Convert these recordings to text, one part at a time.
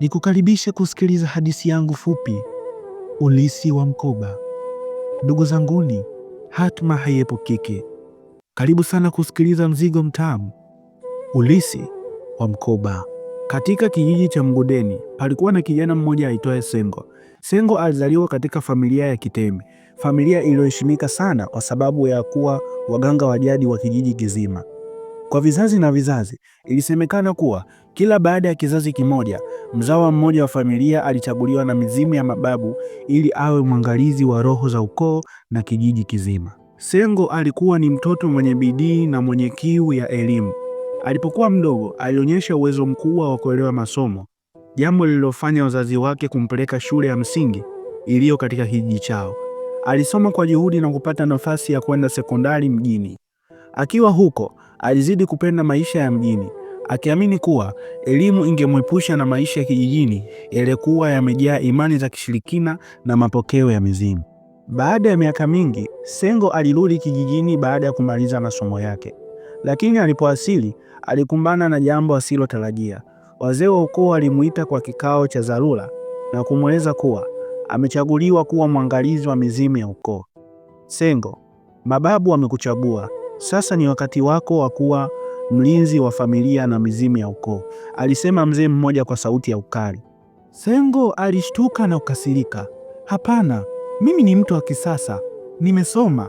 Nikukaribishe kusikiliza hadithi yangu fupi Ulisi wa Mkoba. Ndugu zanguni, hatma haiepukiki. Karibu sana kusikiliza mzigo mtamu, Ulisi wa Mkoba. Katika kijiji cha mgudeni palikuwa na kijana mmoja aitwaye Sengo. Sengo alizaliwa katika familia ya Kitemi, familia iliyoheshimika sana kwa sababu ya kuwa waganga wa jadi wa kijiji kizima. Kwa vizazi na vizazi, ilisemekana kuwa kila baada ya kizazi kimoja, mzawa mmoja wa familia alichaguliwa na mizimu ya mababu ili awe mwangalizi wa roho za ukoo na kijiji kizima. Sengo alikuwa ni mtoto mwenye bidii na mwenye kiu ya elimu. Alipokuwa mdogo, alionyesha uwezo mkubwa wa kuelewa masomo, jambo lililofanya wazazi wake kumpeleka shule ya msingi iliyo katika kijiji chao. Alisoma kwa juhudi na kupata nafasi ya kwenda sekondari mjini. Akiwa huko alizidi kupenda maisha ya mjini, akiamini kuwa elimu ingemwepusha na maisha ya kijijini yaliyokuwa yamejaa imani za kishirikina na mapokeo ya mizimu. Baada ya miaka mingi, Sengo alirudi kijijini baada ya kumaliza masomo yake, lakini alipowasili alikumbana na jambo asilotarajia. Wazee wa ukoo walimuita kwa kikao cha dharura na kumweleza kuwa amechaguliwa kuwa mwangalizi wa mizimu ya ukoo. Sengo, mababu wamekuchagua, sasa ni wakati wako wa kuwa mlinzi wa familia na mizimu ya ukoo, alisema mzee mmoja kwa sauti ya ukali. Sengo alishtuka na kukasirika. Hapana, mimi ni mtu wa kisasa, nimesoma,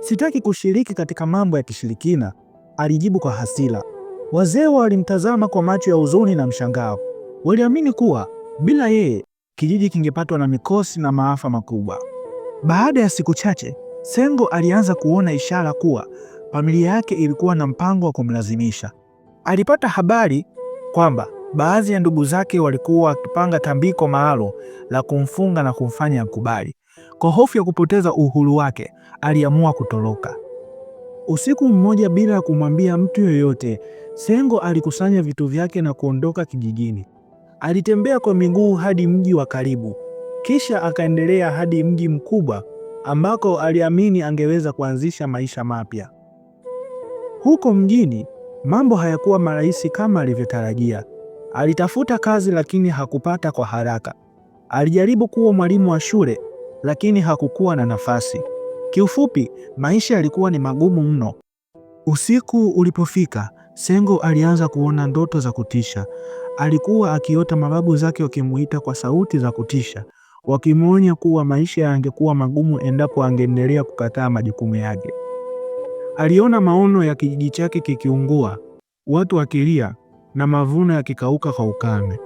sitaki kushiriki katika mambo ya kishirikina, alijibu kwa hasira. Wazee walimtazama kwa macho ya huzuni na mshangao. Waliamini kuwa bila yeye kijiji kingepatwa na mikosi na maafa makubwa. Baada ya siku chache, Sengo alianza kuona ishara kuwa Familia yake ilikuwa na mpango wa kumlazimisha. Alipata habari kwamba baadhi ya ndugu zake walikuwa wakipanga tambiko maalum la kumfunga na kumfanya akubali. Kwa hofu ya kupoteza uhuru wake, aliamua kutoroka. Usiku mmoja, bila ya kumwambia mtu yoyote, Sengo alikusanya vitu vyake na kuondoka kijijini. Alitembea kwa miguu hadi mji wa karibu, kisha akaendelea hadi mji mkubwa ambako aliamini angeweza kuanzisha maisha mapya. Huko mjini mambo hayakuwa marahisi kama alivyotarajia. Alitafuta kazi lakini hakupata kwa haraka. Alijaribu kuwa mwalimu wa shule lakini hakukuwa na nafasi. Kiufupi, maisha yalikuwa ni magumu mno. Usiku ulipofika, Sengo alianza kuona ndoto za kutisha. Alikuwa akiota mababu zake wakimuita kwa sauti za kutisha, wakimwonya kuwa maisha yangekuwa magumu endapo angeendelea kukataa majukumu yake. Aliona maono ya kijiji chake kikiungua, watu wakilia na mavuno yakikauka kwa ukame.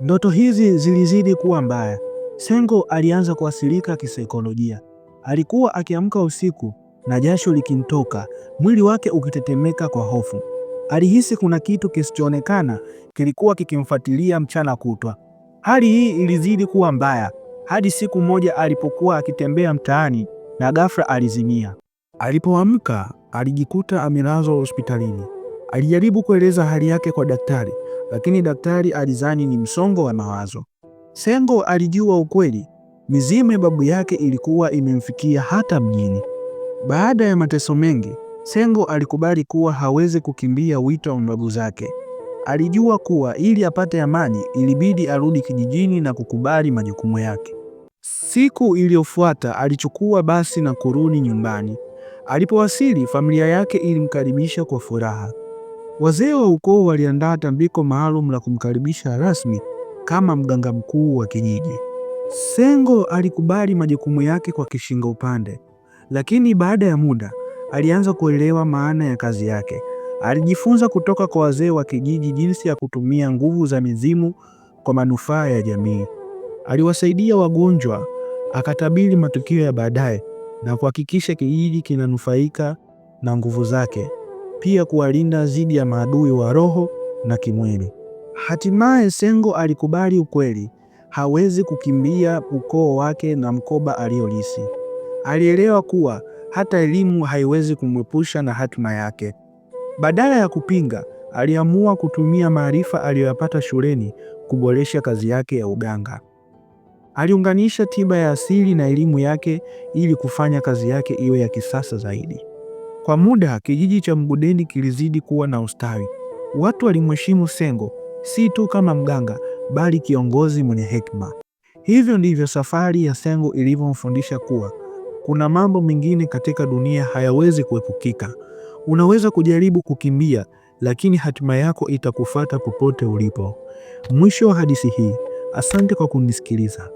Ndoto hizi zilizidi kuwa mbaya. Sengo alianza kuathirika kisaikolojia. Alikuwa akiamka usiku na jasho likimtoka, mwili wake ukitetemeka kwa hofu. Alihisi kuna kitu kisichoonekana kilikuwa kikimfuatilia mchana kutwa. Hali hii ilizidi kuwa mbaya hadi siku moja alipokuwa akitembea mtaani na ghafla alizimia. Alipoamka alijikuta amelazwa hospitalini. Alijaribu kueleza hali yake kwa daktari, lakini daktari alizani ni msongo wa mawazo. Sengo alijua ukweli, mizimu ya babu yake ilikuwa imemfikia hata mjini. Baada ya mateso mengi, Sengo alikubali kuwa hawezi kukimbia wito wa babu zake. Alijua kuwa ili apate amani ilibidi arudi kijijini na kukubali majukumu yake. Siku iliyofuata alichukua basi na kurudi nyumbani. Alipowasili, familia yake ilimkaribisha kwa furaha. Wazee wa ukoo waliandaa tambiko maalum la kumkaribisha rasmi kama mganga mkuu wa kijiji. Sengo alikubali majukumu yake kwa kishingo upande, lakini baada ya muda alianza kuelewa maana ya kazi yake. Alijifunza kutoka kwa wazee wa kijiji jinsi ya kutumia nguvu za mizimu kwa manufaa ya jamii. Aliwasaidia wagonjwa, akatabiri matukio ya baadaye na kuhakikisha kijiji kinanufaika na nguvu zake, pia kuwalinda dhidi ya maadui wa roho na kimwili. Hatimaye Sengo alikubali ukweli, hawezi kukimbia ukoo wake na mkoba aliyolisi Alielewa kuwa hata elimu haiwezi kumwepusha na hatima yake. Badala ya kupinga, aliamua kutumia maarifa aliyoyapata shuleni kuboresha kazi yake ya uganga. Aliunganisha tiba ya asili na elimu yake ili kufanya kazi yake iwe ya kisasa zaidi. Kwa muda, kijiji cha Mgudeni kilizidi kuwa na ustawi. Watu walimheshimu Sengo si tu kama mganga, bali kiongozi mwenye hekima. Hivyo ndivyo safari ya Sengo ilivyomfundisha kuwa kuna mambo mengine katika dunia hayawezi kuepukika. Unaweza kujaribu kukimbia, lakini hatima yako itakufata popote ulipo. Mwisho wa hadithi hii. Asante kwa kunisikiliza.